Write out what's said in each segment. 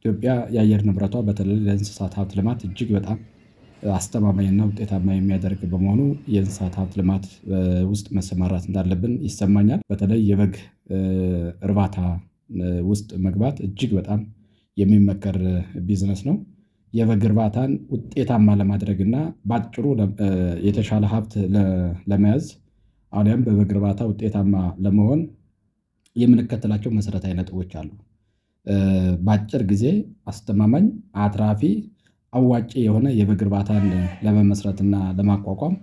ኢትዮጵያ የአየር ንብረቷ በተለይ ለእንስሳት ሀብት ልማት እጅግ በጣም አስተማማኝና ውጤታማ የሚያደርግ በመሆኑ የእንስሳት ሀብት ልማት ውስጥ መሰማራት እንዳለብን ይሰማኛል። በተለይ የበግ እርባታ ውስጥ መግባት እጅግ በጣም የሚመከር ቢዝነስ ነው። የበግ እርባታን ውጤታማ ለማድረግ እና በአጭሩ የተሻለ ሀብት ለመያዝ አሊያም በበግ እርባታ ውጤታማ ለመሆን የምንከተላቸው መሰረታዊ ነጥቦች አሉ በአጭር ጊዜ አስተማማኝ አትራፊ አዋጪ የሆነ የበግ እርባታን ለመመስረትና ለማቋቋም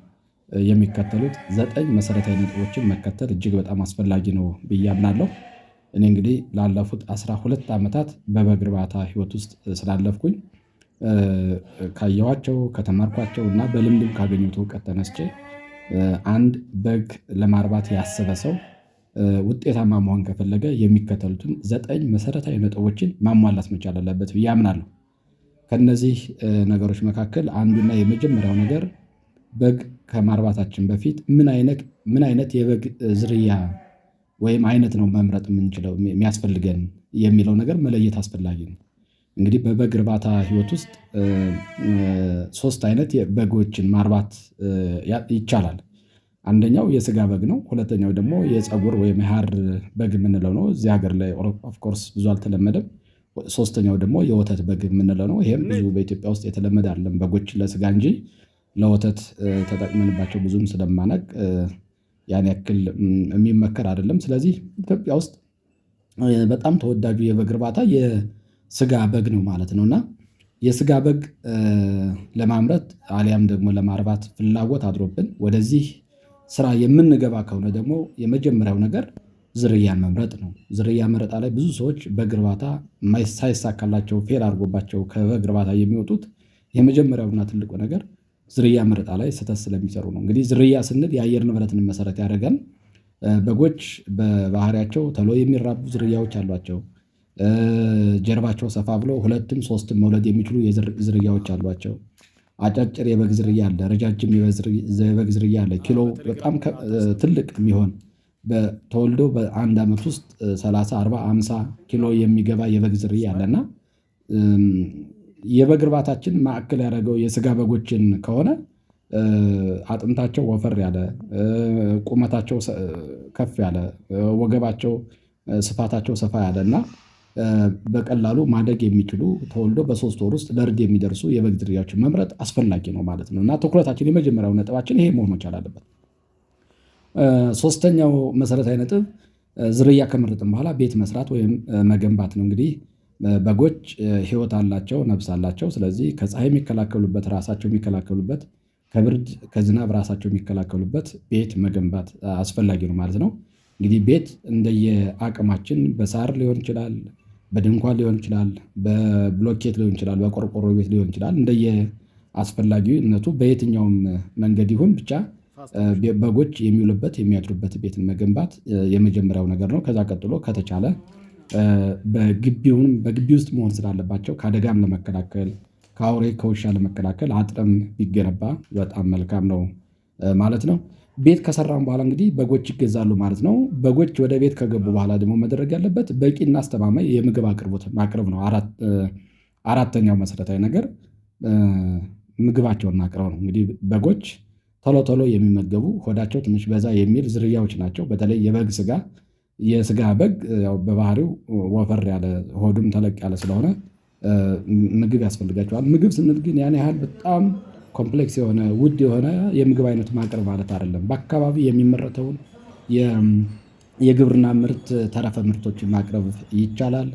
የሚከተሉት ዘጠኝ መሰረታዊ ነጥቦችን መከተል እጅግ በጣም አስፈላጊ ነው ብዬ አምናለሁ። እኔ እንግዲህ ላለፉት አስራ ሁለት አመታት በበግ እርባታ ህይወት ውስጥ ስላለፍኩኝ ካየኋቸው ከተማርኳቸው እና በልምድም ካገኙት እውቀት ተነስቼ አንድ በግ ለማርባት ያሰበ ሰው ውጤታማ መሆን ከፈለገ የሚከተሉትን ዘጠኝ መሰረታዊ ነጥቦችን ማሟላት መቻል አለበት ብዬ አምናለሁ። ከነዚህ ነገሮች መካከል አንዱና የመጀመሪያው ነገር በግ ከማርባታችን በፊት ምን አይነት ምን አይነት የበግ ዝርያ ወይም አይነት ነው መምረጥ የምንችለው የሚያስፈልገን የሚለው ነገር መለየት አስፈላጊ ነው። እንግዲህ በበግ እርባታ ህይወት ውስጥ ሶስት አይነት በጎችን ማርባት ይቻላል አንደኛው የስጋ በግ ነው። ሁለተኛው ደግሞ የፀጉር ወይም የሀር በግ የምንለው ነው። እዚህ ሀገር ላይ ኦፍኮርስ ኮርስ ብዙ አልተለመደም። ሶስተኛው ደግሞ የወተት በግ የምንለው ነው። ይሄም ብዙ በኢትዮጵያ ውስጥ የተለመደ አይደለም። በጎች ለስጋ እንጂ ለወተት ተጠቅመንባቸው ብዙም ስለማናቅ ያን ያክል የሚመከር አይደለም። ስለዚህ ኢትዮጵያ ውስጥ በጣም ተወዳጁ የበግ እርባታ የስጋ በግ ነው ማለት ነው። እና የስጋ በግ ለማምረት አሊያም ደግሞ ለማርባት ፍላጎት አድሮብን ወደዚህ ስራ የምንገባ ከሆነ ደግሞ የመጀመሪያው ነገር ዝርያን መምረጥ ነው። ዝርያ መረጣ ላይ ብዙ ሰዎች በግ እርባታ ሳይሳካላቸው ፌል አድርጎባቸው ከበግ እርባታ የሚወጡት የመጀመሪያውና ትልቁ ነገር ዝርያ መረጣ ላይ ስህተት ስለሚሰሩ ነው። እንግዲህ ዝርያ ስንል የአየር ንብረትን መሰረት ያደረገን በጎች በባህሪያቸው ተሎ የሚራቡ ዝርያዎች አሏቸው። ጀርባቸው ሰፋ ብሎ ሁለትም ሶስትም መውለድ የሚችሉ ዝርያዎች አሏቸው። አጫጭር የበግ ዝርያ አለ፣ ረጃጅም የበግ ዝርያ አለ። ኪሎ በጣም ትልቅ የሚሆን ተወልዶ በአንድ ዓመት ውስጥ ሰላሳ አርባ አምሳ ኪሎ የሚገባ የበግ ዝርያ አለ እና የበግ እርባታችን ማዕከል ያደረገው የስጋ በጎችን ከሆነ አጥንታቸው ወፈር ያለ፣ ቁመታቸው ከፍ ያለ፣ ወገባቸው ስፋታቸው ሰፋ ያለ እና በቀላሉ ማደግ የሚችሉ ተወልዶ በሶስት ወር ውስጥ ለእርድ የሚደርሱ የበግ ዝርያዎችን መምረጥ አስፈላጊ ነው ማለት ነው እና ትኩረታችን የመጀመሪያው ነጥባችን ይሄ መሆን መቻል አለበት። ሶስተኛው መሰረታዊ ነጥብ ዝርያ ከመረጥን በኋላ ቤት መስራት ወይም መገንባት ነው። እንግዲህ በጎች ህይወት አላቸው ነብስ አላቸው። ስለዚህ ከፀሐይ የሚከላከሉበት ራሳቸው የሚከላከሉበት ከብርድ ከዝናብ ራሳቸው የሚከላከሉበት ቤት መገንባት አስፈላጊ ነው ማለት ነው። እንግዲህ ቤት እንደየ አቅማችን በሳር ሊሆን ይችላል በድንኳን ሊሆን ይችላል፣ በብሎኬት ሊሆን ይችላል፣ በቆርቆሮ ቤት ሊሆን ይችላል። እንደየ አስፈላጊነቱ በየትኛውም መንገድ ይሁን ብቻ በጎች የሚውሉበት የሚያድሩበት ቤትን መገንባት የመጀመሪያው ነገር ነው። ከዛ ቀጥሎ ከተቻለ በግቢ ውስጥ መሆን ስላለባቸው ከአደጋም ለመከላከል ከአውሬ ከውሻ ለመከላከል አጥርም ቢገነባ በጣም መልካም ነው። ማለት ነው። ቤት ከሰራን በኋላ እንግዲህ በጎች ይገዛሉ ማለት ነው። በጎች ወደ ቤት ከገቡ በኋላ ደግሞ መደረግ ያለበት በቂና አስተማማኝ የምግብ አቅርቦት ማቅረብ ነው። አራተኛው መሰረታዊ ነገር ምግባቸውን ማቅረብ ነው። እንግዲህ በጎች ቶሎ ቶሎ የሚመገቡ ሆዳቸው ትንሽ በዛ የሚል ዝርያዎች ናቸው። በተለይ የበግ ስጋ የስጋ በግ በባህሪው ወፈር ያለ ሆዱም ተለቅ ያለ ስለሆነ ምግብ ያስፈልጋቸዋል። ምግብ ስንል ግን ያን ያህል በጣም ኮምፕሌክስ የሆነ ውድ የሆነ የምግብ አይነት ማቅረብ ማለት አይደለም። በአካባቢ የሚመረተውን የግብርና ምርት ተረፈ ምርቶችን ማቅረብ ይቻላል።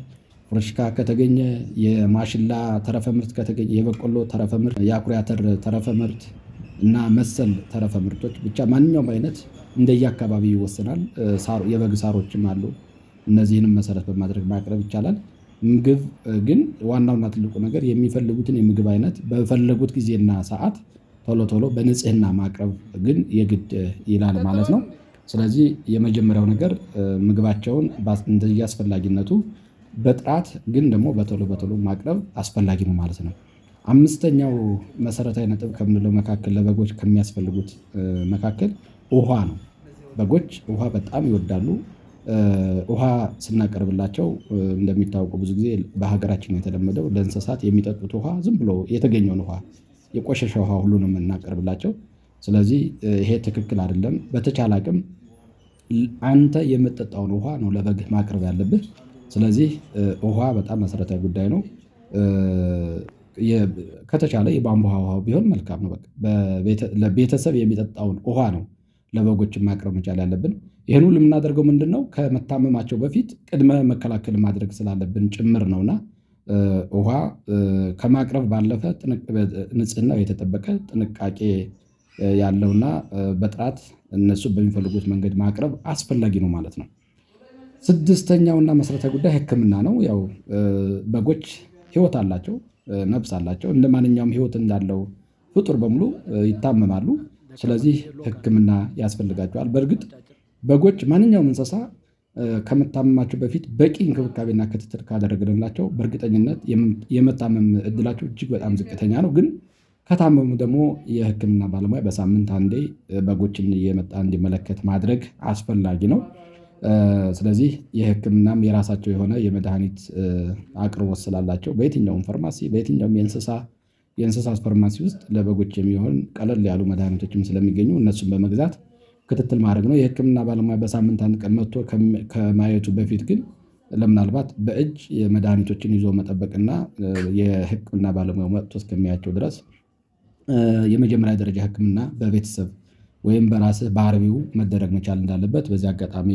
ፍርሽካ ከተገኘ የማሽላ ተረፈ ምርት ከተገኘ የበቆሎ ተረፈ ምርት የአኩሪ አተር ተረፈ ምርት እና መሰል ተረፈ ምርቶች ብቻ ማንኛውም አይነት አካባቢ ይወሰናል። የበግ ሳሮችም አሉ እነዚህንም መሰረት በማድረግ ማቅረብ ይቻላል ምግብ ግን ዋናውና ትልቁ ነገር የሚፈልጉትን የምግብ አይነት በፈለጉት ጊዜና ሰዓት ቶሎ ቶሎ በንጽህና ማቅረብ ግን የግድ ይላል ማለት ነው። ስለዚህ የመጀመሪያው ነገር ምግባቸውን አስፈላጊነቱ በጥራት ግን ደግሞ በቶሎ በቶሎ ማቅረብ አስፈላጊ ነው ማለት ነው። አምስተኛው መሰረታዊ ነጥብ ከምንለው መካከል ለበጎች ከሚያስፈልጉት መካከል ውሃ ነው። በጎች ውሃ በጣም ይወዳሉ ውሃ ስናቀርብላቸው እንደሚታወቁ ብዙ ጊዜ በሀገራችን የተለመደው ለእንስሳት የሚጠጡት ውሃ ዝም ብሎ የተገኘውን ውሃ የቆሸሸ ውሃ ሁሉ ነው የምናቀርብላቸው። ስለዚህ ይሄ ትክክል አይደለም። በተቻለ አቅም አንተ የምጠጣውን ውሃ ነው ለበግህ ማቅረብ ያለብህ። ስለዚህ ውሃ በጣም መሰረታዊ ጉዳይ ነው። ከተቻለ የቧንቧ ውሃ ቢሆን መልካም ነው። በቃ ለቤተሰብ የሚጠጣውን ውሃ ነው ለበጎችም ማቅረብ መቻል ያለብን ይህን ሁሉ የምናደርገው ምንድን ነው ከመታመማቸው በፊት ቅድመ መከላከል ማድረግ ስላለብን ጭምር ነውና ውሃ ከማቅረብ ባለፈ ንጽህናው የተጠበቀ ጥንቃቄ ያለውና በጥራት እነሱ በሚፈልጉት መንገድ ማቅረብ አስፈላጊ ነው ማለት ነው። ስድስተኛውና መሰረታዊ ጉዳይ ሕክምና ነው። ያው በጎች ህይወት አላቸው፣ ነፍስ አላቸው። እንደ ማንኛውም ህይወት እንዳለው ፍጡር በሙሉ ይታመማሉ። ስለዚህ ሕክምና ያስፈልጋቸዋል በእርግጥ በጎች ማንኛውም እንስሳ ከመታመማቸው በፊት በቂ እንክብካቤና ክትትል ካደረግንላቸው በእርግጠኝነት የመታመም እድላቸው እጅግ በጣም ዝቅተኛ ነው። ግን ከታመሙ ደግሞ የሕክምና ባለሙያ በሳምንት አንዴ በጎችን እየመጣ እንዲመለከት ማድረግ አስፈላጊ ነው። ስለዚህ የሕክምናም የራሳቸው የሆነ የመድኃኒት አቅርቦት ስላላቸው በየትኛውም ፋርማሲ በየትኛውም የእንስሳ የእንስሳት ፋርማሲ ውስጥ ለበጎች የሚሆን ቀለል ያሉ መድኃኒቶችም ስለሚገኙ እነሱን በመግዛት ክትትል ማድረግ ነው። የህክምና ባለሙያ በሳምንት አንድ ቀን መጥቶ ከማየቱ በፊት ግን ለምናልባት በእጅ የመድኃኒቶችን ይዞ መጠበቅና የህክምና ባለሙያው መጥቶ እስከሚያቸው ድረስ የመጀመሪያ ደረጃ ህክምና በቤተሰብ ወይም በራስህ በአርቢው መደረግ መቻል እንዳለበት በዚህ አጋጣሚ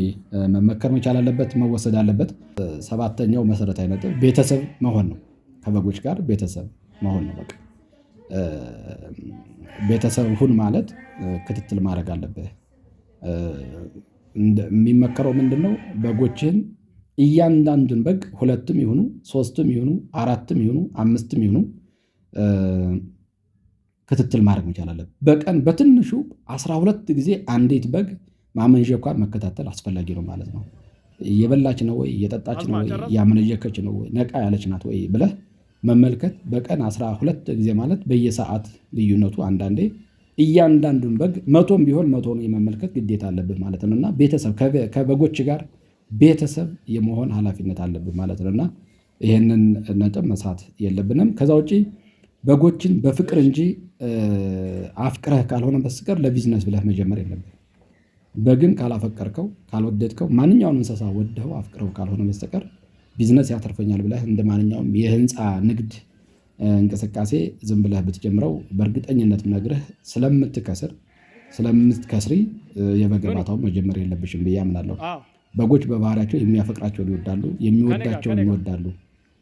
መመከር መቻል አለበት፣ መወሰድ አለበት። ሰባተኛው መሰረታዊ ነጥብ ቤተሰብ መሆን ነው። ከበጎች ጋር ቤተሰብ መሆን ነው። በቃ ቤተሰብ ሁን ማለት ክትትል ማድረግ አለብህ። የሚመከረው ምንድን ነው? በጎችህን እያንዳንዱን በግ ሁለትም ይሁኑ ሶስትም ይሁኑ አራትም ይሁኑ አምስትም ይሁኑ ክትትል ማድረግ መቻል በቀን በትንሹ አስራ ሁለት ጊዜ አንዲት በግ ማመንዠኳን መከታተል አስፈላጊ ነው ማለት ነው። እየበላች ነው ወይ እየጠጣች ነው ወይ ያመነጀከች ነው ወይ ነቃ ያለች ናት ወይ ብለህ መመልከት። በቀን አስራ ሁለት ጊዜ ማለት በየሰዓት ልዩነቱ አንዳንዴ እያንዳንዱን በግ መቶም ቢሆን ነው የመመልከት ግዴታ አለብህ ማለት ነው እና ቤተሰብ ከበጎች ጋር ቤተሰብ የመሆን ኃላፊነት አለብህ ማለት ነው እና ይህንን ነጥብ መሳት የለብንም። ከዛ ውጪ በጎችን በፍቅር እንጂ አፍቅረህ ካልሆነ በስተቀር ለቢዝነስ ብለህ መጀመር የለብህም። በግን ካላፈቀርከው ካልወደድከው ማንኛውን እንስሳ ወደው አፍቅረው ካልሆነ በስተቀር ቢዝነስ ያተርፈኛል ብለህ ማንኛውም የህንፃ ንግድ እንቅስቃሴ ዝም ብለህ ብትጀምረው በእርግጠኝነት ምነግርህ ስለምትከስር ስለምትከስሪ የበግባታውን መጀመር የለብሽም ብዬ አምናለሁ። በጎች በባህሪያቸው የሚያፈቅራቸውን ይወዳሉ የሚወዳቸውን ይወዳሉ።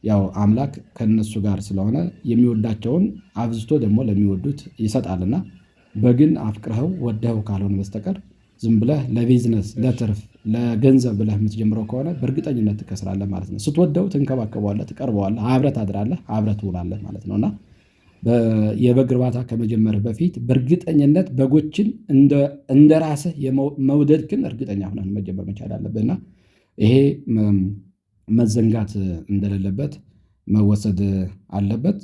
ያው አምላክ ከነሱ ጋር ስለሆነ የሚወዳቸውን አብዝቶ ደግሞ ለሚወዱት ይሰጣልና በግን አፍቅረኸው ወደኸው ካልሆነ በስተቀር ዝም ብለህ ለቢዝነስ ለትርፍ ለገንዘብ ብለህ የምትጀምረው ከሆነ በእርግጠኝነት ትከስራለህ ማለት ነው። ስትወደው ትንከባከበዋለህ፣ ትቀርበዋለህ፣ አብረህ ታድራለህ፣ አብረህ ትውላለህ ማለት ነው እና የበግ እርባታ ከመጀመርህ በፊት በእርግጠኝነት በጎችን እንደ ራስህ ግን እርግጠኛ ሆነህ መጀመር መቻል አለብህ እና ይሄ መዘንጋት እንደሌለበት መወሰድ አለበት።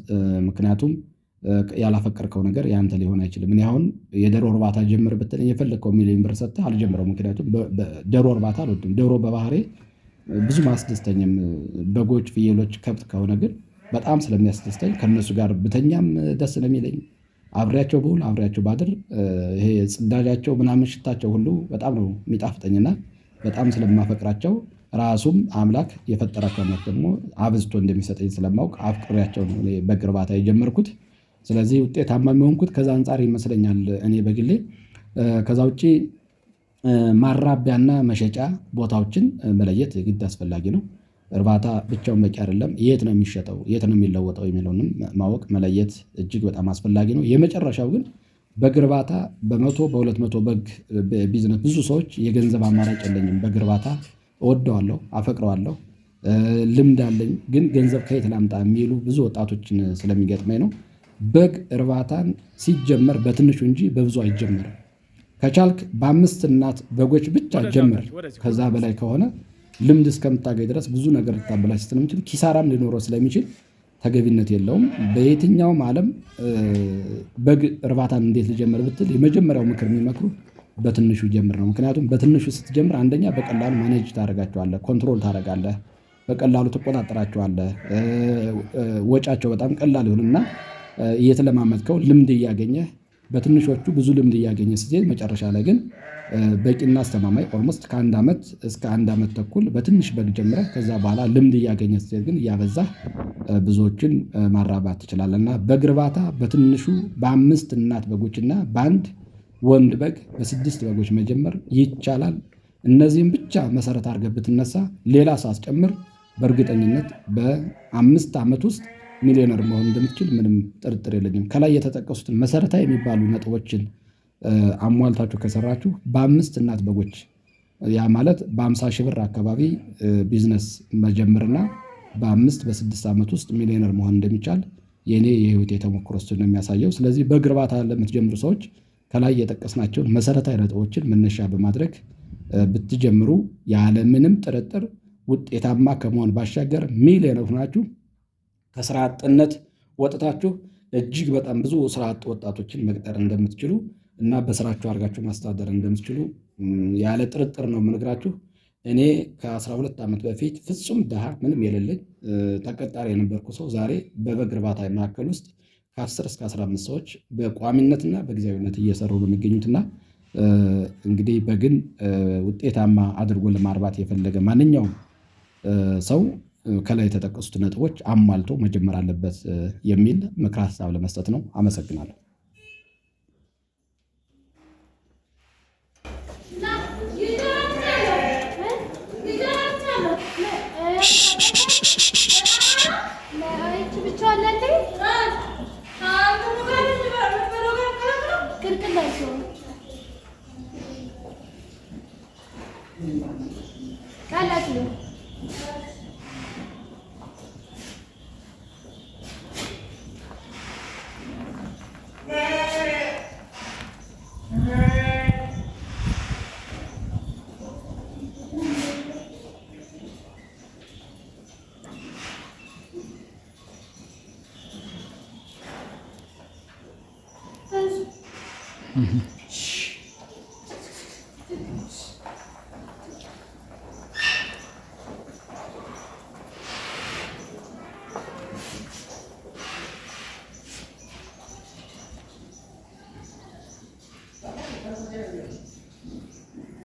ምክንያቱም ያላፈቀርከው ነገር ያንተ ሊሆን አይችልም። እኔ አሁን የዶሮ እርባታ ጀምር ብትለኝ የፈለግከው ሚሊዮን ብር ሰጥተህ አልጀምረውም። ምክንያቱም ዶሮ እርባታ አልወድም። ደሮ በባህሬ ብዙ አያስደስተኝም። በጎች፣ ፍየሎች፣ ከብት ከሆነ ግን በጣም ስለሚያስደስተኝ ከነሱ ጋር ብተኛም ደስ ነው የሚለኝ። አብሬያቸው ብውል አብሬያቸው ባድር ይሄ ጽዳጃቸው ምናምን ሽታቸው ሁሉ በጣም ነው የሚጣፍጠኝና በጣም ስለማፈቅራቸው ራሱም አምላክ የፈጠራቸው ደግሞ አብዝቶ እንደሚሰጠኝ ስለማውቅ አፍቅሬያቸው ነው በግ እርባታ የጀመርኩት። ስለዚህ ውጤታማ የሚሆንኩት ከዛ አንፃር ይመስለኛል እኔ በግሌ ከዛ ውጭ ማራቢያና መሸጫ ቦታዎችን መለየት ግድ አስፈላጊ ነው። እርባታ ብቻውን በቂ አይደለም የት ነው የሚሸጠው የት ነው የሚለወጠው የሚለውንም ማወቅ መለየት እጅግ በጣም አስፈላጊ ነው። የመጨረሻው ግን በግ እርባታ በመቶ በሁለት መቶ በግ ቢዝነስ ብዙ ሰዎች የገንዘብ አማራጭ የለኝም በግ እርባታ እወደዋለሁ አፈቅረዋለሁ ልምድ አለኝ ግን ገንዘብ ከየት ላምጣ የሚሉ ብዙ ወጣቶችን ስለሚገጥመኝ ነው በግ እርባታን ሲጀመር በትንሹ እንጂ በብዙ አይጀመርም። ከቻልክ በአምስት እናት በጎች ብቻ ጀምር። ከዛ በላይ ከሆነ ልምድ እስከምታገኝ ድረስ ብዙ ነገር ልታበላሽ ስለሚችል ኪሳራም ሊኖረው ስለሚችል ተገቢነት የለውም። በየትኛውም ዓለም በግ እርባታን እንዴት ልጀምር ብትል የመጀመሪያው ምክር የሚመክሩ በትንሹ ጀምር ነው። ምክንያቱም በትንሹ ስትጀምር አንደኛ በቀላሉ ማኔጅ ታደርጋቸዋለህ፣ ኮንትሮል ታደርጋለህ፣ በቀላሉ ትቆጣጠራቸዋለህ። ወጫቸው በጣም ቀላል ይሁንና እየተለማመጥከው ልምድ እያገኘ በትንሾቹ ብዙ ልምድ እያገኘ ስትሄድ መጨረሻ ላይ ግን በቂና አስተማማኝ ኦልሞስት ከአንድ ዓመት እስከ አንድ ዓመት ተኩል በትንሽ በግ ጀምረ ከዛ በኋላ ልምድ እያገኘ ስትሄድ ግን እያበዛ ብዙዎችን ማራባት ትችላለ እና በግ እርባታ በትንሹ በአምስት እናት በጎች በአንድ ወንድ በግ በስድስት በጎች መጀመር ይቻላል። እነዚህም ብቻ መሰረት አድርገህ ብትነሳ ሌላ ሳስጨምር በእርግጠኝነት በአምስት አመት ውስጥ ሚሊዮነር መሆን እንደምትችል ምንም ጥርጥር የለኝም። ከላይ የተጠቀሱትን መሰረታዊ የሚባሉ ነጥቦችን አሟልታችሁ ከሰራችሁ በአምስት እናት በጎች ያ ማለት በአምሳ ሺህ ብር አካባቢ ቢዝነስ መጀመርና በአምስት በስድስት ዓመት ውስጥ ሚሊዮነር መሆን እንደሚቻል የእኔ የህይወት የተሞክሮ ስ ነው የሚያሳየው። ስለዚህ በግ እርባታ ለምትጀምሩ ሰዎች ከላይ የጠቀስናቸውን መሰረታዊ ነጥቦችን መነሻ በማድረግ ብትጀምሩ ያለምንም ጥርጥር ውጤታማ ከመሆን ባሻገር ሚሊዮነር ሆናችሁ ከስራ አጥነት ወጥታችሁ እጅግ በጣም ብዙ ስራ አጥ ወጣቶችን መቅጠር እንደምትችሉ እና በስራችሁ አድርጋችሁ ማስተዳደር እንደምትችሉ ያለ ጥርጥር ነው የምነግራችሁ። እኔ ከ12 ዓመት በፊት ፍጹም ድሃ ምንም የሌለኝ ተቀጣሪ የነበርኩ ሰው ዛሬ በበግ እርባታ መካከል ውስጥ ከ10 እስከ 15 ሰዎች በቋሚነትና በጊዜያዊነት እየሰሩ ነው የሚገኙትና እንግዲህ በግን ውጤታማ አድርጎ ለማርባት የፈለገ ማንኛውም ሰው ከላይ የተጠቀሱት ነጥቦች አሟልቶ መጀመር አለበት የሚል ምክረ ሀሳብ ለመስጠት ነው። አመሰግናለሁ። Mm-hmm.